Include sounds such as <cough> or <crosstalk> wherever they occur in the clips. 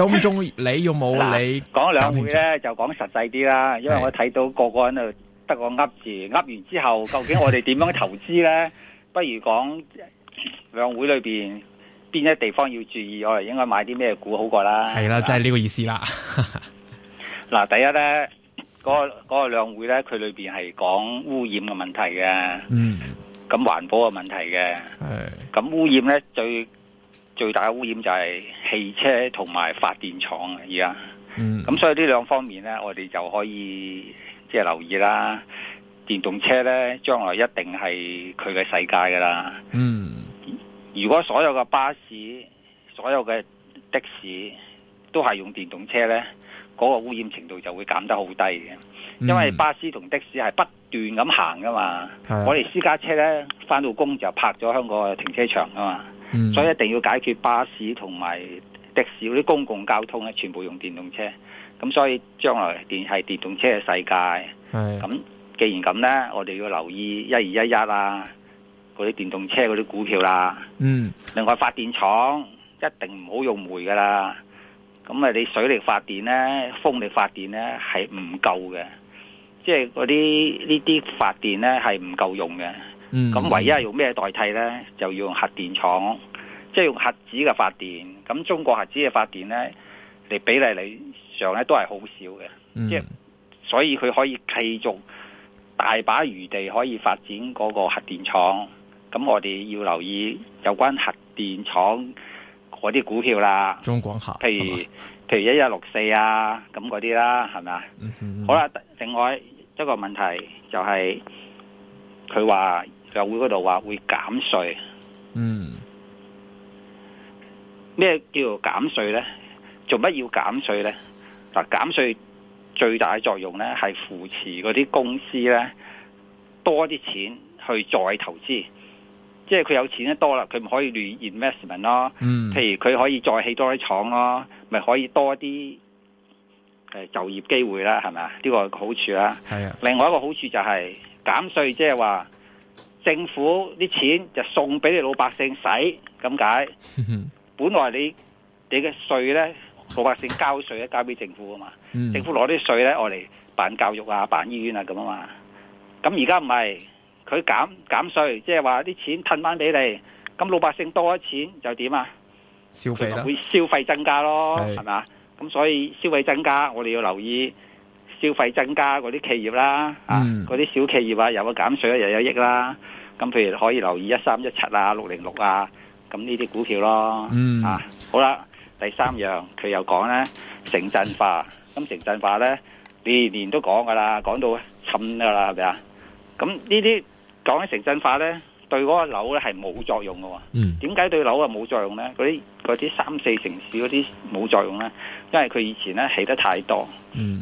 當中你要冇啊？你講兩會咧，就講實際啲啦，因為我睇到個個喺度得個噏字，噏完之後究竟我哋點樣投資咧？不如講兩會裏邊邊一地方要注意，我哋應該買啲咩股好過啦？係啦，就係呢個意思啦。嗱，第一咧，嗰個嗰個兩會咧，佢裏邊係講污染嘅問題嘅，咁環保嘅問題嘅，咁污染咧最最大嘅污染就係汽車同埋發電廠啊！而家，咁所以呢兩方面呢，我哋就可以即係、就是、留意啦。電動車呢，將來一定係佢嘅世界噶啦。嗯，如果所有嘅巴士、所有嘅的，的士都係用電動車呢，嗰、那個污染程度就會減得好低嘅。因為巴士同的士係不斷咁行噶嘛，嗯、我哋私家車呢，翻到工就泊咗香港嘅停車場㗎嘛。所以一定要解決巴士同埋的士嗰啲公共交通咧，全部用電動車。咁所以將來電係電動車嘅世界。係咁，既然咁咧，我哋要留意一二一一啊，嗰啲電動車嗰啲股票啦，啊。嗯。另外發電廠一定唔好用煤噶啦。咁啊，你水力發電咧，風力發電咧係唔夠嘅，即係嗰啲呢啲發電咧係唔夠用嘅。咁、嗯、唯一要用咩代替呢？就要用核電廠，即、就、係、是、用核子嘅發電。咁中國核子嘅發電呢，你比例你上呢都係好少嘅，即係、嗯就是、所以佢可以繼續大把餘地可以發展嗰個核電廠。咁我哋要留意有關核電廠嗰啲股票啦，中廣核，譬如吧譬如一一六四啊，咁嗰啲啦，係咪啊？嗯嗯、好啦，另外一、這個問題就係佢話。就會嗰度話會減稅，嗯，咩叫做減稅咧？做乜要減稅咧？嗱、啊，減稅最大嘅作用咧係扶持嗰啲公司咧多啲錢去再投資，即係佢有錢得多啦，佢唔可以亂 investment 咯，嗯，譬如佢可以再起多啲廠咯，咪可以多啲誒就業機會啦，係咪，這個，啊？呢個好處啦，係啊。另外一個好處就係減稅，即係話。政府啲錢就送俾你老百姓使咁解。本來你你嘅稅呢，老百姓交稅咧交俾政府啊嘛，政府攞啲稅呢，我嚟辦教育啊，辦醫院啊咁啊嘛。咁而家唔係，佢減減稅，即係話啲錢褪翻俾你，咁老百姓多咗錢就點啊？消費咧會消費增加咯，係咪？咁所以消費增加，我哋要留意。消費增加嗰啲企業啦，嗯、啊，嗰啲小企業啊，有個減稅又有益啦。咁譬如可以留意一三一七啊、六零六啊，咁呢啲股票咯。嗯、啊，好啦，第三樣佢又講咧，城鎮化。咁城鎮化咧，年年都講噶啦，講到沉噶啦，係咪啊？咁呢啲講起城鎮化咧。對嗰個樓咧係冇作用嘅喎、啊，點解對樓啊冇作用咧？嗰啲嗰啲三四城市嗰啲冇作用咧，因為佢以前咧起得太多，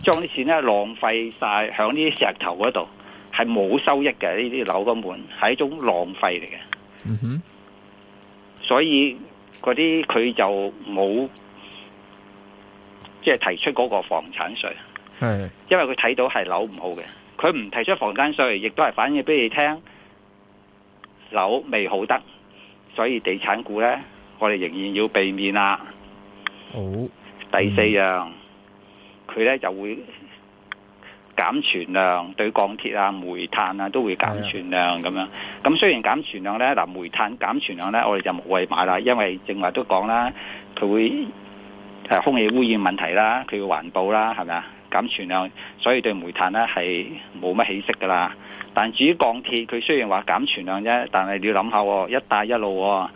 將啲錢咧浪費曬響呢啲石頭嗰度，係冇收益嘅呢啲樓嘅門係一種浪費嚟嘅。嗯、哼所以嗰啲佢就冇即係提出嗰個房產稅，的因為佢睇到係樓唔好嘅，佢唔提出房產稅，亦都係反映俾你聽。樓未好得，所以地產股呢，我哋仍然要避免啦。好，第四樣，佢呢就會減存量，對鋼鐵啊、煤炭啊都會減存量咁樣。咁雖然減存量呢，嗱煤炭減存量呢，我哋就無謂買啦，因為正話都講啦，佢會係空氣污染問題啦，佢要環保啦，係咪啊？減存量，所以對煤炭咧係冇乜起色噶啦。但至於鋼鐵，佢雖然話減存量啫，但係你要諗下，一帶一路、哦、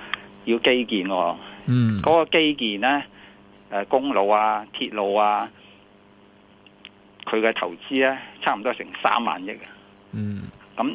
要基建、哦，嗯，嗰個基建咧，誒，公路啊，鐵路啊，佢嘅投資咧，差唔多成三萬億啊。嗯，咁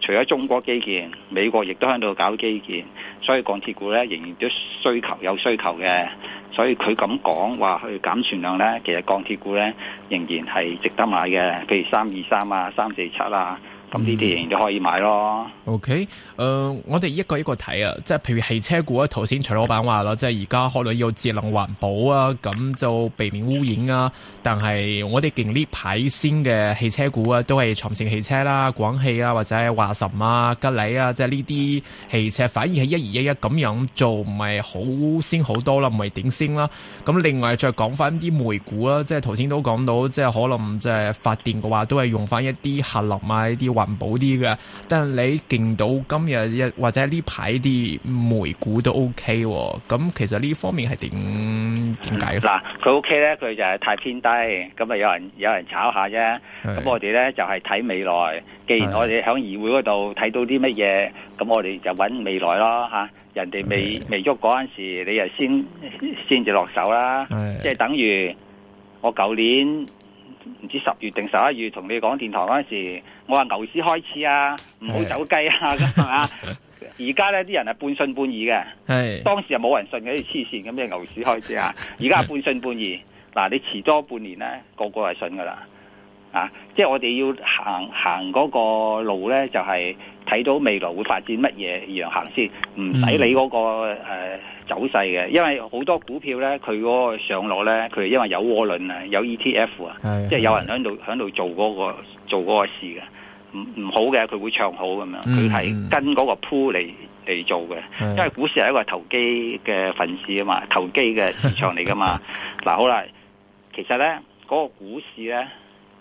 除咗中國基建，美國亦都喺度搞基建，所以鋼鐵股咧仍然都需求有需求嘅。所以佢咁講話去減存量咧，其實鋼鐵股咧仍然係值得買嘅，譬如三二三啊、三四七啊。咁呢啲仍然可以買咯。OK，誒、呃，我哋一個一個睇啊，即係譬如汽車股啊，頭先徐老闆話啦，即係而家可能要節能環保啊，咁就避免污染啊。但係我哋近呢排先嘅汽車股啊，都係長城汽車啦、啊、廣汽啊或者華晨啊、吉利啊，即係呢啲汽車反而係一二一一咁樣做，唔係好先好多啦、啊，唔係點先啦。咁另外再講翻啲煤股啦、啊，即係頭先都講到，即係可能即係發電嘅話，都係用翻一啲核能啊，啲。環保啲嘅，但係你見到今日一或者呢排啲煤股都 O K 喎，咁其實呢方面係點解？嗱，佢 O K 咧，佢就係太偏低，咁啊有人有人炒一下啫。咁是我哋咧就係睇未來，既然我哋響議會嗰度睇到啲乜嘢，咁是我哋就揾未來咯吓。人哋未未喐嗰陣時，你又先先至落手啦，是即係等於我舊年。唔知十月定十一月同你講電台嗰陣時，我話牛市開始啊，唔好走雞啊，咁啊是的！ <laughs> 而家呢啲人係半信半疑嘅，係是的 當時係冇人信嘅，啲黐綫嘅咩牛市開始啊！而家係半信半疑，嗱是的 你遲多半年呢，個個係信噶啦，啊！即係我哋要行行嗰個路呢，就係、是、睇到未來會發展乜嘢樣行先，唔使理嗰、那個誒。嗯呃走勢嘅，因為好多股票咧，佢嗰個上落咧，佢因為有渦輪啊，有 E T F 啊，是是 即係有人喺度喺度做嗰、那個做嗰個事嘅，唔唔好嘅佢會唱好咁樣，佢係跟嗰個鋪嚟嚟做嘅，因為股市係一個投機嘅份子啊嘛，投機嘅市場嚟噶嘛。嗱 <laughs> 好啦，其實咧嗰、那個股市咧，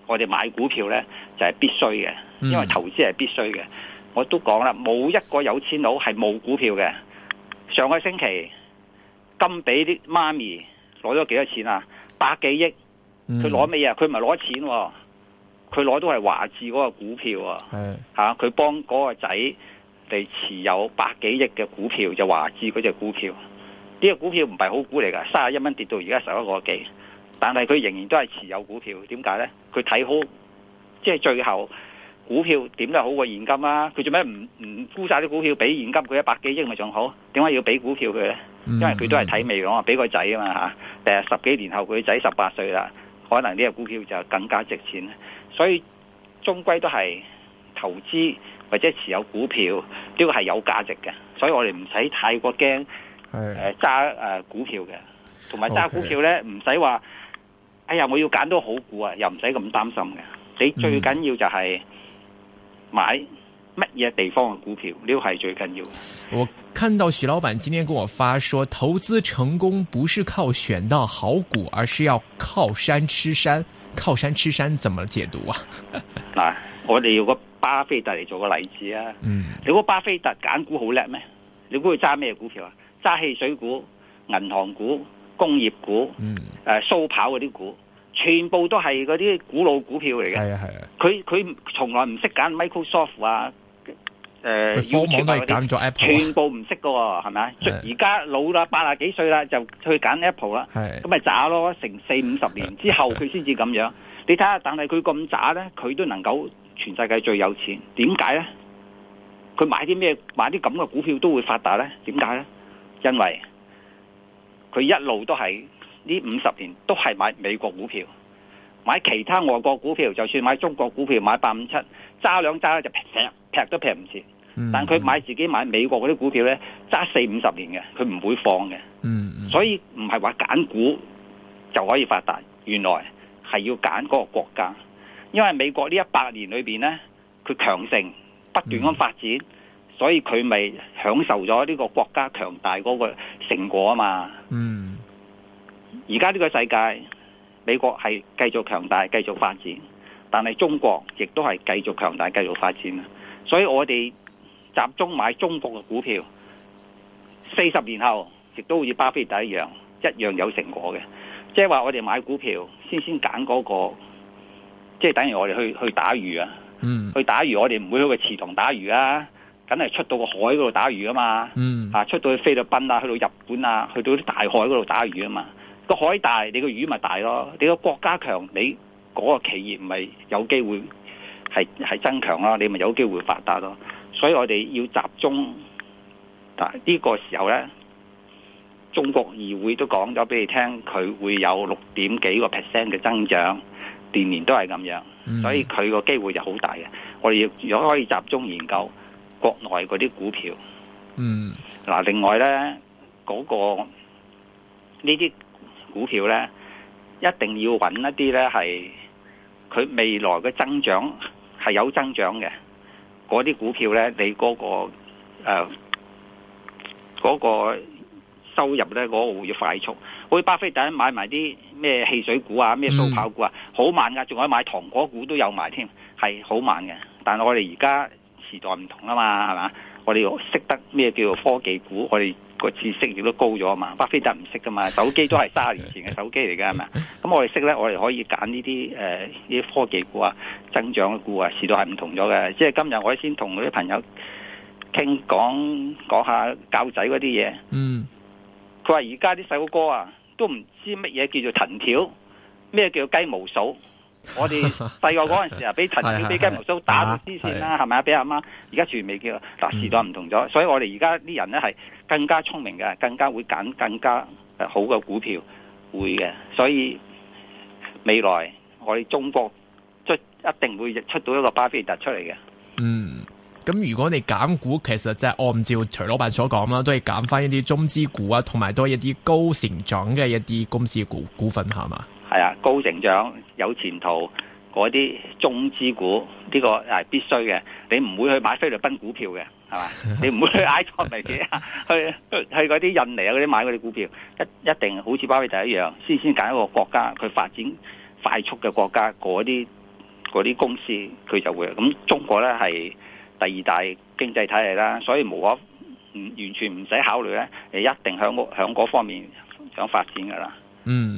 我哋買股票咧就係、是、必須嘅，因為投資係必須嘅。嗯、我都講啦，冇一個有錢佬係冇股票嘅。上個星期。金俾啲媽咪攞咗幾多錢啊？百幾億，佢攞咩啊？佢唔係攞錢，佢攞到係華智嗰個股票、啊。嚇的，佢、啊、幫嗰個仔嚟持有百幾億嘅股票，就華智嗰隻股票。呢、這個股票唔係好股嚟噶，三十一蚊跌到而家十一個幾，但係佢仍然都係持有股票。點解咧？佢睇好，即、就、係、是、最後。股票點都好過現金啦、啊，佢做咩唔唔沽曬啲股票俾現金佢一百幾億咪仲好？點解要俾股票佢呢？嗯、因為佢都係睇未來嘛啊，俾個仔啊嘛嚇。誒十幾年後佢個仔十八歲啦，可能呢個股票就更加值錢。所以終歸都係投資或者持有股票，呢、這個係有價值嘅。所以我哋唔使太過驚揸股票嘅，同埋揸股票呢，唔使話，哎呀我要揀到好股啊，又唔使咁擔心嘅。你最緊要就係、是。嗯買乜嘢地方嘅股票，呢個係最緊要。我看到徐老闆今天跟我發說，投資成功不是靠選到好股，而是要靠山吃山。靠山吃山，怎麼解讀啊？嗱、 <laughs> 啊，我哋有個巴菲特嚟做個例子啊。嗯。你估巴菲特揀股好叻咩？你估佢揸咩股票啊？揸汽水股、銀行股、工業股，誒、嗯，掃、呃、跑嗰啲股，全部都係嗰啲古老股票嚟嘅。係啊、哎，係、哎、啊。佢佢從來唔識揀 Microsoft 啊，誒、呃，全部唔識㗎喎，係咪？而家是老啦，八十幾歲啦，就去揀 Apple 啦，咁咪渣咯，成四五十年之後佢先至咁樣。 <laughs> 你睇下，但係佢咁渣呢，佢都能夠全世界最有錢，點解呢？佢買啲咩？買啲咁嘅股票都會發達呢？點解呢？因為佢一路都係呢五十年都係買美國股票。買其他外國股票，就算買中國股票，買八五七揸兩揸就劈劈都劈唔切。但佢買自己買美國嗰啲股票呢，揸四五十年嘅，佢唔會放嘅。所以唔係話揀股就可以發達，原來係要揀嗰個國家。因為美國呢一百年裏邊呢，佢強盛不斷咁發展，所以佢咪享受咗呢個國家強大嗰個成果啊嘛。嗯，而家呢個世界。美國係繼續強大、繼續發展，但係中國亦都係繼續強大、繼續發展啊！所以我哋集中買中國嘅股票，四十年後亦都好似巴菲特一樣，一樣有成果嘅。即係話我哋買股票，先先揀嗰個，即係等於我哋去去打魚啊！嗯，去打魚我哋唔會去個池塘打魚啊，梗係出到個海嗰度打魚啊嘛！嗯，啊出到去菲律賓啊，去到日本啊，去到啲大海嗰度打魚啊嘛！個海大，你個魚咪大咯。你個國家強，你嗰個企業咪有機會係係增強咯。你咪有機會發達咯。所以我哋要集中。但係呢個時候咧，中國議會都講咗俾你聽，佢會有六點幾個 percent 嘅增長，年年都係咁樣，所以佢個機會就好大嘅。我哋若可以集中研究國內嗰啲股票，嗯嗱，另外咧嗰個呢啲，這些股票咧，一定要揾一啲咧係佢未來嘅增長，係有增長嘅嗰啲股票咧，你嗰、嗰個誒嗰、呃嗰個收入咧嗰會要快速。好似巴菲特買埋啲咩汽水股啊、咩蘇跑股啊，好慢噶，仲可以買糖果股都有埋添，係好慢嘅。但係我哋而家時代唔同啊嘛，係嘛？我哋識得咩叫做科技股，我哋個知識亦都高咗啊嘛。巴菲特唔識噶嘛，手機都係三十年前嘅手機嚟噶係嘛？咁我哋識咧，我哋可以揀呢啲誒，啲、呃、科技股啊，增長嘅股啊，時代係唔同咗嘅。即係今日，我哋先同嗰啲朋友傾講講下教仔嗰啲嘢。嗯，佢話而家啲細路哥啊，都唔知乜嘢叫做藤條，咩叫雞毛掃。 <laughs> 我哋細個嗰陣時啊，俾陳小飛機毛蘇打住支線啦，係咪啊？俾阿媽，而家全未叫，嗱時代唔同咗，嗯、所以我哋而家啲人咧係更加聰明嘅，更加會揀更加好嘅股票，會嘅，所以未來我哋中國即係一定會出到一個巴菲特出嚟嘅。嗯，咁如果你揀股，其實即係按照徐老闆所講啦，都係揀翻一啲中資股啊，同埋多一啲高成長嘅一啲公司股股份，係嘛？係啊，高成長有前途嗰啲中資股，呢個係必須嘅。你唔會去買菲律賓股票嘅，係嘛？你唔會去埃塞尼啊，去去去嗰啲印尼啊嗰啲買嗰啲股票，一一定好似巴菲特一樣，先先揀一個國家佢發展快速嘅國家，嗰啲嗰啲公司佢就會咁。中國咧係第二大經濟體系啦，所以冇可完全唔使考慮咧，你一定響響嗰方面想發展噶啦。嗯。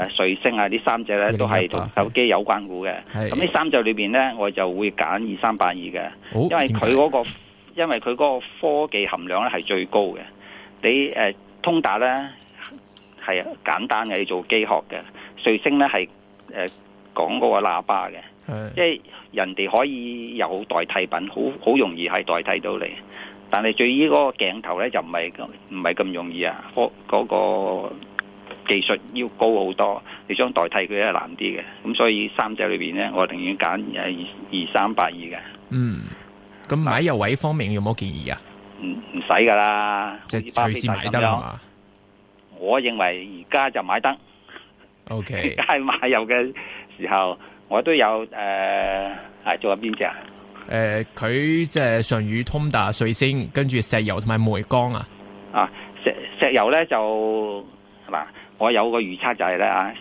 誒、呃，瑞聲啊，這三呢三隻咧都係同手機有關股嘅。咁呢三隻裏邊咧，我就會揀二三八二嘅，哦、因為佢嗰、那個，為因為佢嗰科技含量咧係最高嘅。你誒、呃、通達咧係啊簡單嘅，你做機殼嘅。瑞聲咧係誒講嗰個喇叭嘅，是即係人哋可以有代替品，好好容易係代替到你。但係至於嗰個鏡頭咧就唔係唔係咁容易啊，嗰、那、嗰、個技術要高好多，你想代替佢係難啲嘅，咁所以三隻裏邊咧，我寧願揀誒二三八二嘅。嗯，咁買入位方面有冇建議啊？唔唔使噶啦，即係隨時買得係嘛？我認為而家就買得。O K，係買入嘅時候，我都有誒係、呃、做緊邊隻啊？誒、呃，佢即係上宇通達、瑞星，跟住石油同埋煤鋼啊。啊，石石油咧就係嘛？我有個預測就係咧啊，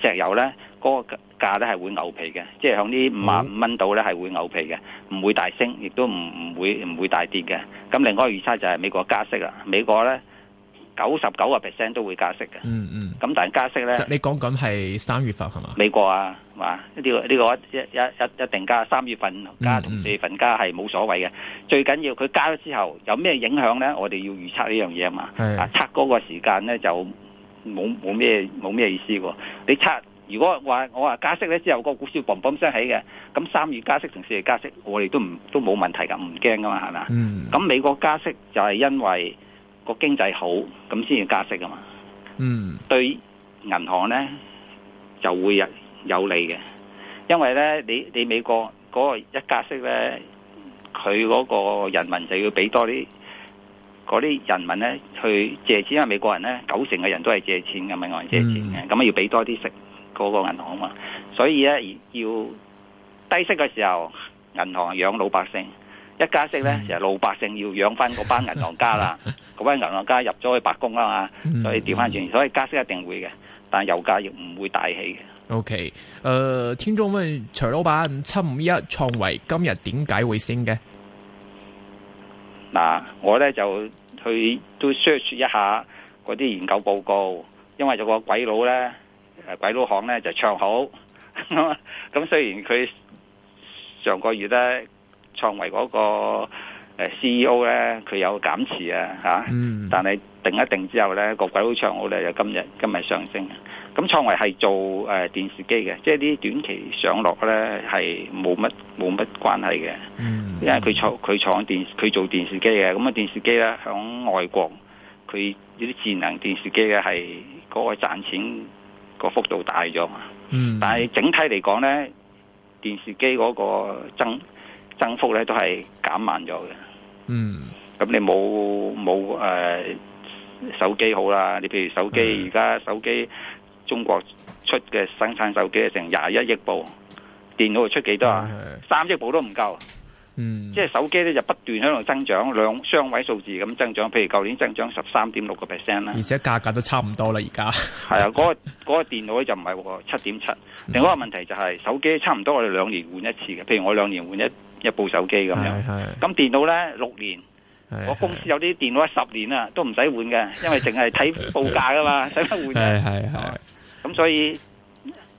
石油咧嗰個價咧係會牛皮嘅，即係響啲五萬五蚊度咧係會牛皮嘅，唔會大升，亦都唔唔會唔會大跌嘅。咁另外一個預測就係美國加息啦，美國咧九十九個 percent 都會加息嘅、嗯。嗯嗯。咁但係加息咧，你講緊係三月份係嘛？美國啊，係嘛？呢個呢個一一一一定加，三月份加同四月份加係冇所謂嘅，嗯嗯、最緊要佢加咗之後有咩影響咧？我哋要預測呢樣嘢啊嘛，啊是測嗰個時間咧就。冇冇咩冇咩意思喎？你測如果話我話加息咧，之後個股市嘣嘣聲起嘅，咁三月加息同四月加息，我哋都唔都冇問題噶，唔驚噶嘛，係嘛？嗯。咁美國加息就係因為個經濟好，咁先至加息啊嘛。嗯。Mm. 對銀行咧就會有有利嘅，因為咧你你美國嗰個一加息咧，佢嗰個人民就要俾多啲。嗰啲人民咧去借錢，因為美國人咧九成嘅人都係借錢嘅，唔外銀借錢嘅，咁啊、嗯、要俾多啲息個個銀行啊嘛，所以咧要低息嘅時候，銀行養老百姓，一加息咧就、嗯、老百姓要養翻嗰班銀行家啦，嗰 <laughs> 班銀行家入咗去白宮啊嘛，所以調翻轉，嗯、所以加息一定會嘅，但係油價亦唔會大起嘅。O K，誒天中咩徐老闆七五一創維今日點解會升嘅？嗱、啊，我咧就去都 search 一下嗰啲研究報告，因為有個鬼佬咧，誒鬼佬行咧就唱好。咁雖然佢上個月咧創維嗰個 CEO 咧佢有減持啊吓，啊 mm。但係定一定之後咧個鬼佬唱好咧就今日今日上升。咁創維係做誒、呃、電視機嘅，即係啲短期上落咧係冇乜冇乜關係嘅。Mm. 因為佢創佢創電佢做電視機嘅，咁啊電視機咧響外國，佢呢啲智能電視機嘅係嗰個賺錢個幅度大咗嘛。嗯。但係整體嚟講咧，電視機嗰個增增幅咧都係減慢咗嘅。嗯。咁你冇冇誒手機好啦？你譬如手機而家、嗯、手機中國出嘅生產手機成廿一億部，電腦出幾多啊？三、嗯、億部都唔夠。嗯，即係手機咧就不斷喺度增長，兩雙位數字咁增長。譬如舊年增長十三點六個 percent 啦，而且價格都差唔多啦而家。係啊，嗰個嗰個電腦咧就唔係個七點七。另外一個問題就係手機差唔多我哋兩年換一次嘅，譬如我兩年換一一部手機咁樣。係係。咁電腦咧六年，我公司有啲電腦咧十年啦，都唔使換嘅，因為淨係睇報價噶嘛，使乜換啫？係係係。咁所以，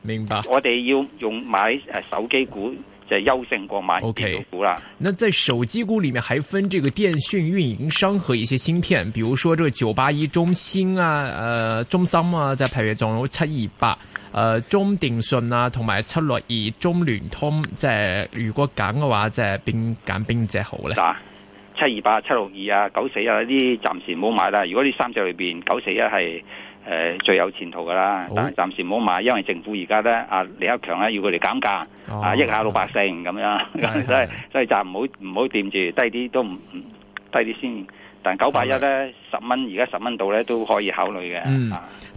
明白。我哋要用買誒手機股。即係優勝過買，O K 股啦。Okay. 在手機股裏面，還分這個電訊運營商和一些芯片，比如說這個九八一、中興啊、誒、呃、中芯啊，即係譬如仲有七二八、誒中電信啊，同埋七六二、中聯通。即係如果揀嘅話，即係邊揀邊隻好咧？嗱，七二八、七六二啊、九四啊啲暫時唔好買啦。如果呢三隻裏邊，九四一係。誒最有前途噶啦，但係暫時唔好買，因為政府而家咧，阿李克強咧要佢哋減價，啊益下老百姓咁樣，的 <laughs> 所以所以暫唔好唔好掂住低啲都唔低啲先。但九百一咧十蚊，而家十蚊度咧都可以考慮嘅，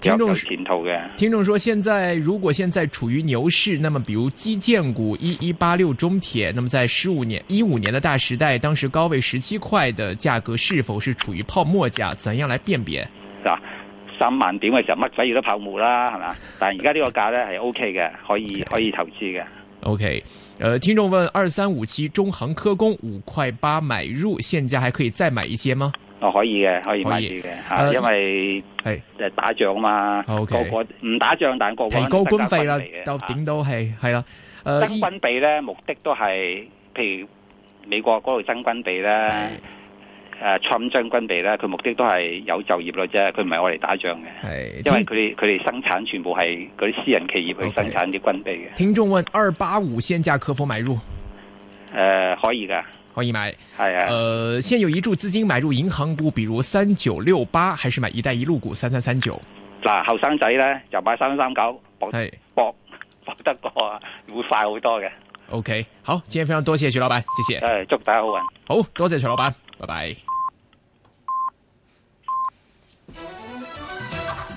有、嗯、有前途嘅。聽眾說現在如果現在處於牛市，那麼比如基建股一一八六中鐵，那麼在十五年一五年嘅大時代，當時高位十七塊嘅價格是否是處於泡沫價？怎樣來辨別？啊。三萬點嘅時候乜鬼嘢都泡沫啦，係嘛？但係而家呢個價咧係 O K 嘅，可以 Okay. 可以投資嘅。O K，誒，聽眾問二三五七中航科工五塊八買入，現價還可以再買一些嗎？哦，可以嘅，可以買住嘅吓，呃、因為誒打仗嘛，是個個唔打仗但係個個都增加軍費嘅，點都係係啦，啊呃、增軍備咧目的都係，譬如美國嗰度增軍備咧。誒，參戰、啊、軍備咧，佢目的都係有就業咯啫，佢唔係我嚟打仗嘅。係，因為佢佢哋生產全部係嗰啲私人企業去生產啲軍備嘅。Okay. 聽眾問：二八五現價可否買入？誒、呃，可以噶，可以買。係啊的。誒、呃，現有一注資金買入銀行股，比如三九六八，還是買一帶一路股三三三九？嗱，後生仔咧就買三三九博，博博的得過會快好多嘅。O、okay. K，好，今天非常多謝徐老闆，謝謝。誒、呃，祝大家好運。好多謝徐老闆，拜拜。